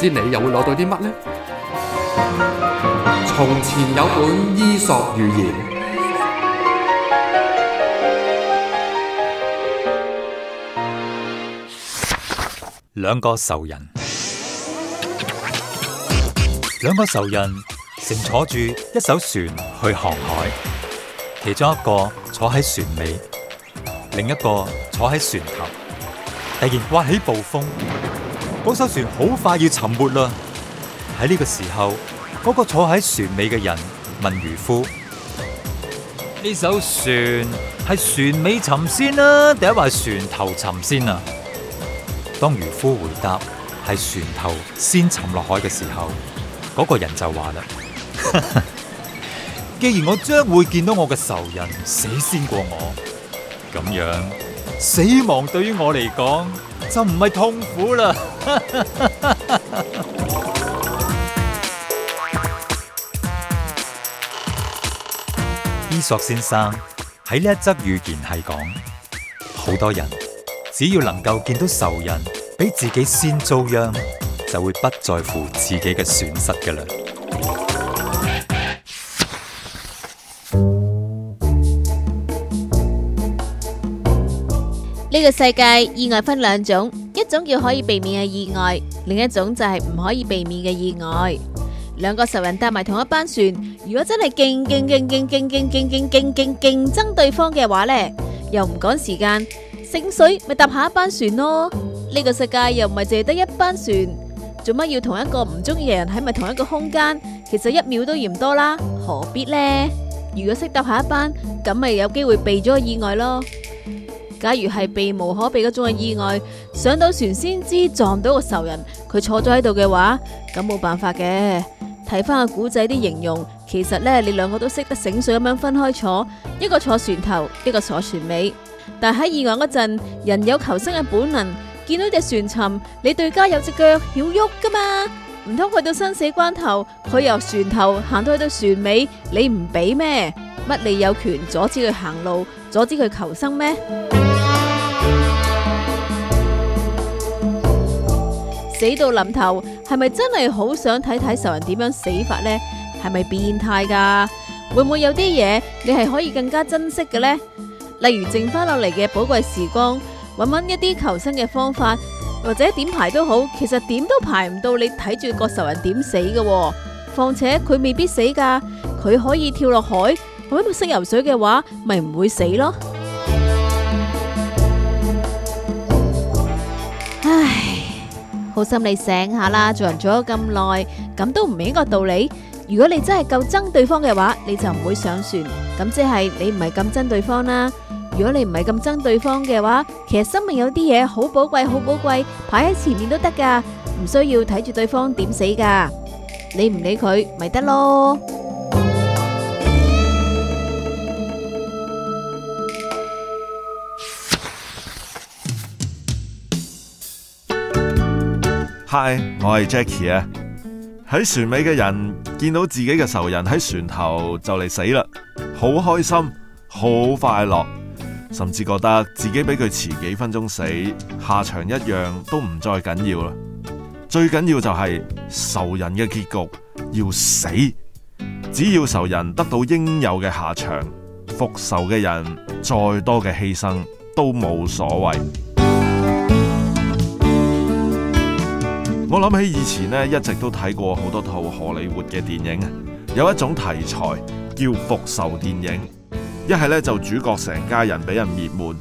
知你又會攞到啲乜呢？從前有本伊索寓言，兩個仇人，兩個仇人乘坐住一艘船去航海，其中一個坐喺船尾，另一個坐喺船頭，突然刮起暴風。嗰艘船好快要沉沒啦！喺呢個時候，嗰個坐喺船尾嘅人問漁夫，呢艘船係船尾沉先啦、啊，定係船頭沉先啊？當漁夫回答係船頭先沉落海嘅時候，嗰個人就話啦， 既然我將會見到我嘅仇人死先過我，咁樣死亡對於我嚟講。就唔係痛苦啦、 e。伊索、ok、先生喺呢一則寓言係講，好多人只要能夠見到仇人俾自己先遭殃，就會不在乎自己嘅損失㗎啦。呢個世界意外分兩種，一種叫可以避免嘅意外，另一種就係唔可以避免嘅意外。兩個仇人搭埋同一班船，如果真係競競競競競競競競競競爭對方嘅話咧，又唔趕時間，醒水咪搭下一班船咯。呢個世界又唔係淨係得一班船，做乜要同一個唔中意嘅人喺埋同一個空間？其實一秒都嫌多啦，何必咧？如果識搭下一班，咁咪有機會避咗個意外咯。假如係避無可避嗰種嘅意外，上到船先知撞到個仇人，佢坐咗喺度嘅話，咁冇辦法嘅。睇翻個古仔啲形容，其實咧你兩個都識得醒水咁樣分開坐，一個坐船頭，一個坐船尾。但係喺意外嗰陣，人有求生嘅本能，見到隻船沉，你對家有隻腳要喐噶嘛？唔通去到生死關頭，佢由船頭行到去到船尾，你唔俾咩？乜，你有權阻止佢行路，阻止佢求生咩？ 死到臨頭，係咪真係好想睇睇仇人點樣死法呢？係咪變態噶？會唔會有啲嘢你係可以更加珍惜嘅呢？例如剩翻落嚟嘅寶貴時光，揾揾一啲求生嘅方法，或者點排都好，其實點都排唔到你睇住個仇人點死嘅喎。況且佢未必死噶，佢可以跳落海。我如果識游水嘅話，咪唔會死咯。唉，好心你醒下啦，做人做咗咁耐，咁都唔係一個道理。如果你真係夠憎對方嘅話，你就唔會上船。咁即係你唔係咁憎對方啦。如果你唔係咁憎對方嘅話，其實生命有啲嘢，好寶貴，好寶貴，排喺前面都得噶，唔需要睇住對方點死噶，你唔理佢咪得咯。嗨，Hi，我係 Jackie 啊！喺船尾嘅人見到自己嘅仇人喺船頭就嚟死啦，好開心，好快樂，甚至覺得自己比佢遲幾分鐘死，下場一樣都唔再緊要啦。最緊要就係仇人嘅結局要死，只要仇人得到應有嘅下場，復仇嘅人再多嘅犧牲都冇所謂。我諗起以前咧，一直都睇過好多套荷里活嘅電影，有一種題材叫復仇電影，一係咧就主角成家人俾人滅門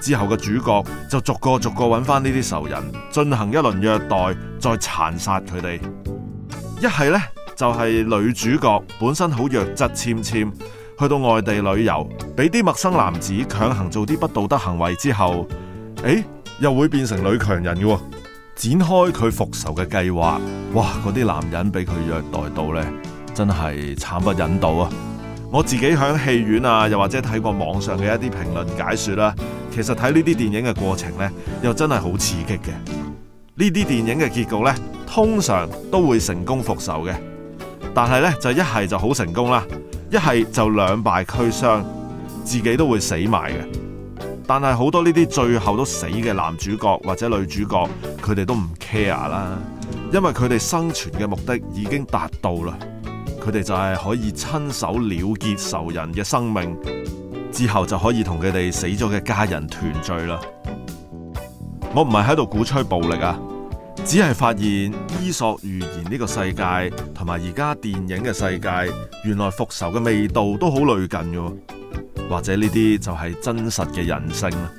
之後嘅主角就逐個逐個搵翻呢啲仇人進行一輪虐待再殘殺佢哋，一係咧就係、是、女主角本身好弱質纖纖，去到外地旅遊俾啲陌生男子強行做啲不道德行為之後，誒又會變成女強人嘅。展開佢復仇嘅計劃，哇！嗰啲男人俾佢虐待到呢，真係慘不忍睹啊！我自己響戲院啊，又或者睇過網上嘅一啲評論解說啦，其實睇呢啲電影嘅過程呢，又真係好刺激嘅。呢啲電影嘅結局呢，通常都會成功復仇嘅，但係呢，就一係就好成功啦，一係就兩敗俱傷，自己都會死埋嘅。但係好多呢啲最後都死嘅男主角或者女主角，佢哋都唔 care 啦，因為佢哋生存嘅目的已經達到啦，佢哋就係可以親手了結仇人嘅生命，之後就可以同佢哋死咗嘅家人團聚啦。我唔係喺度鼓吹暴力啊，只係發現伊索寓言呢個世界同埋而家電影嘅世界，原來復仇嘅味道都好類近嘅。或者呢啲就係真實嘅人性啦，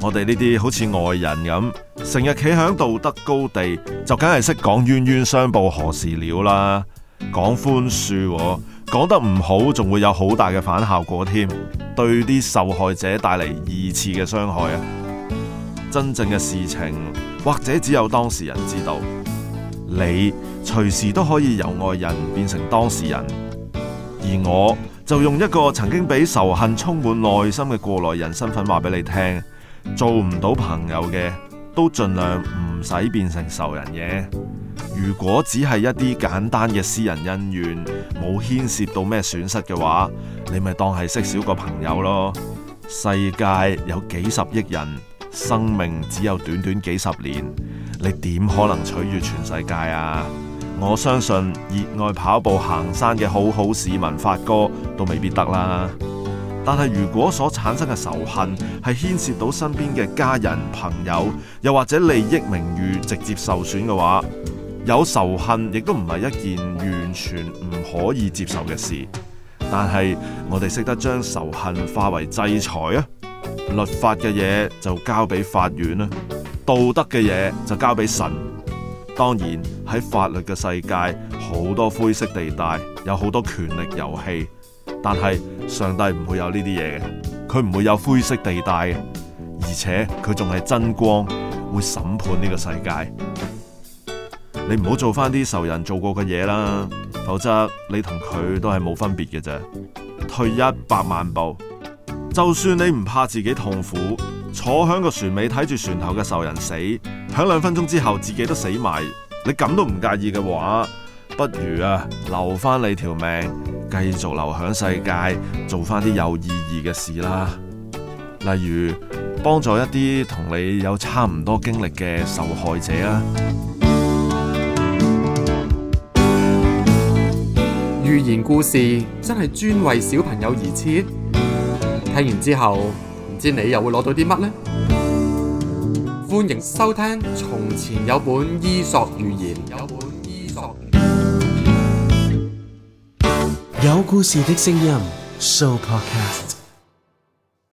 我哋呢啲好似外人咁，成日企喺道德高地，就梗係識講冤冤相報何時了啦，講寬恕，講得唔好，仲會有好大嘅反效果添，對啲受害者帶嚟二次嘅傷害啊！真正嘅事情，或者只有當事人知道。你隨時都可以由外人變成當事人，而我。就用一個曾經俾仇恨充滿內心嘅過來人身份話俾你聽，做唔到朋友嘅都盡量唔使變成仇人嘅。如果只係一啲簡單嘅私人恩怨，冇牽涉到咩損失嘅話，你咪當係識少個朋友咯。世界有幾十億人，生命只有短短幾十年，你點可能取悅全世界啊？我相信熱愛跑步行山嘅好好市民發哥都未必得啦。但係如果所產生嘅仇恨係牽涉到身邊嘅家人朋友，又或者利益名譽直接受損嘅話，有仇恨亦都唔係一件完全唔可以接受嘅事。但係我哋識得將仇恨化為制裁啊，律法嘅嘢就交俾法院啦，啊，道德嘅嘢就交俾神。當然喺法律嘅世界，好多灰色地帶，有好多權力遊戲。但係上帝唔會有呢啲嘢嘅，佢唔會有灰色地帶嘅，而且佢仲係真光，會審判呢個世界。你唔好做翻啲仇人做過嘅嘢啦，否則你同佢都係冇分別嘅啫。退一百萬步，就算你唔怕自己痛苦，坐響個船尾睇住船頭嘅仇人死。響兩分鐘之後自己都死埋，你咁都唔介意嘅話，不如啊留翻你條命，繼續留響世界做翻啲有意義嘅事啦。例如幫助一啲同你有差唔多經歷嘅受害者啊。寓言故事真係專為小朋友而設，聽完之後唔知你又會攞到啲乜呢？歡迎收聽，從前有本伊索寓言，有本伊索寓言，有故事的聲音，Sooopodcast。